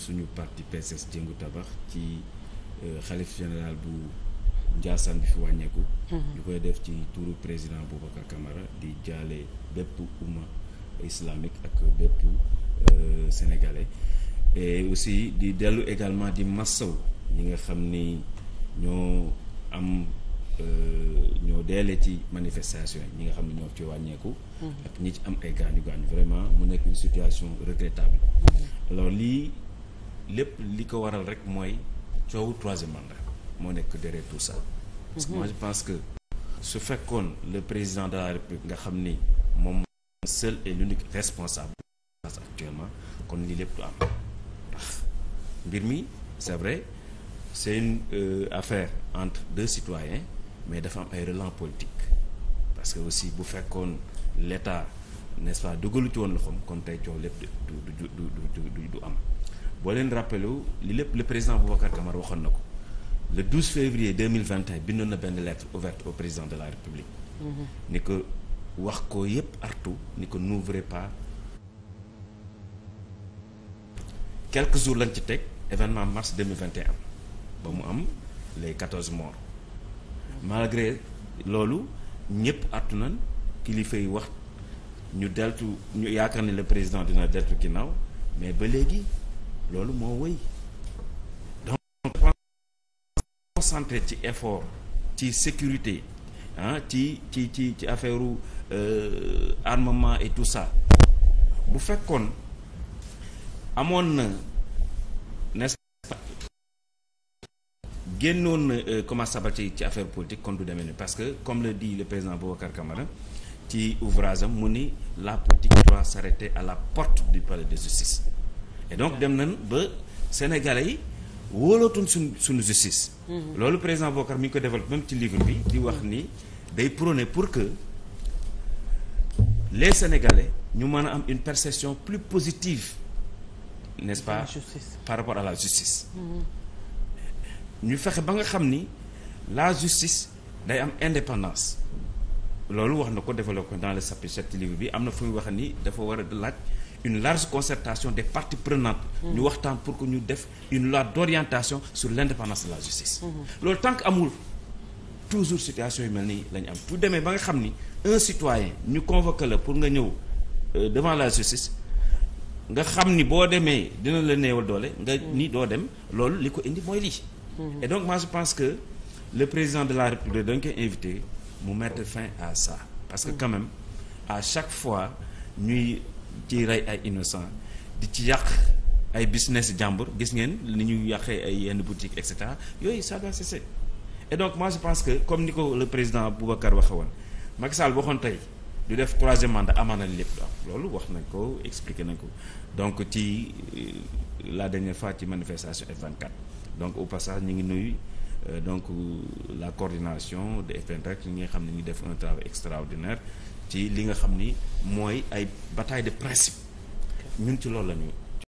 suñu parti PSS jëngu tabax ci euh, xalif général bu Ndiassane bi fi wàññeeku mhm. ñu koy def ci turu président Boubacar kamara di jaale bépp umma islamique ak bépp euh, sénégalais et aussi di dellu également di massaw ñi nga xam ni ñoo am euh, ñoo deelee ci manifestation yi ñi nga xam ne ñoo ci wàññeeku mhm. ak ñi ci am ay gaañu gaañu vraiment mu nekk une situation regrettable mhm. alors lii lépp li ko waral rek mooy coowu troisième mandat moo nekk derrière tout ça. parce que pense que su fekkoon le président de la république nga xam ni moom seul et l'unique responsable actuellement kon lii lépp du am mbir mi c'est vrai c'est une euh, affaire entre deux citoyens mais dafa am ay relents politiques parce que aussi bu fekkoon l'État n'est-ce pas dugalu ci woon loxoom kon tey coow lépp du du du du du du am boo leen rappelé li lépp le président Boubacar Camara waxoon na ko le 12 février 2021 bindoon na benn lettre ouverte au président de la République. Mm-hmm. ni ko wax ko yépp artu ni ko n'ouvrez pas. quelque jours lañ ci teg événement mars am ba mu am les 14 morts malgré loolu ñëpp artu na kilifa yi wax ñu deltu ñu yaakaar ne le président dina deltu ginnaaw mais ba léegi. loolu moo wëy donc concentré ci effort ci sécurité ah ci ci ci ci affaire u euh, armement et tout ça bu fekkoon amoon na n'est-ce pas génnoon na euh, comment ça ci ci affaire politique kon du demee ni parce que comme le dit le président Boubacar Camara ci ouvrage am mu ni la politique doit s'arrêter à la porte du palais de justice et donc dem nañ ba sénégalais yi wóolootuñ suñu suñu justice. Mhm. loolu président Bokar mi ngi ko développé même ci livre bi di wax ni day prôner pour que les sénégalais ñu mën a am une perception plus positive nest pa pas par rapport à la justice. Mhm. ñu fexe ba nga xam ni la justice day am indépendance. loolu wax na ko développé dans le chapitre livre bi am na fu wax ni dafa war a laaj une large concertation des parties prenantes. Mm. ñu waxtaan pour que ñu def une loi d'orientation sur l'indépendance de la justice. Mm-hmm. loolu tant que amul toujours situation yu mel nii lañu am bu demee ba nga xam ni un citoyen ñu convoqué la pour nga ñëw euh, devant la justice. nga xam ni boo demee dina la néewal doole nga mm. ni doo dem loolu li ko indi mooy lii. Mm-hmm. et donc moi je pense que le président de la République dañ koy invité. mu mettre fin à sa parce que mm. quand a à chaque fois ñuy ci rey ay innocent di ci yàq ay business jàmbur gis ngeen ni ñuy yàqee ay yenn boutique et cetera yooyu ça doit cesser et donc moi je pense que comme ni ko le président Boubacar waxe woon Macky Sall waxoon tey du def troisième mandat amaan li lépp loolu wax nañ ko explique nañ ko donc ci euh, la dernière fois ci manifestation F24 donc au passage ñu ngi nuyu Euh, donc la coordination de FNREC ñi nga xam ne ñu def un travail extraordinaire ci li nga xam ni mooy ay bataille de principe ñun ci loolu la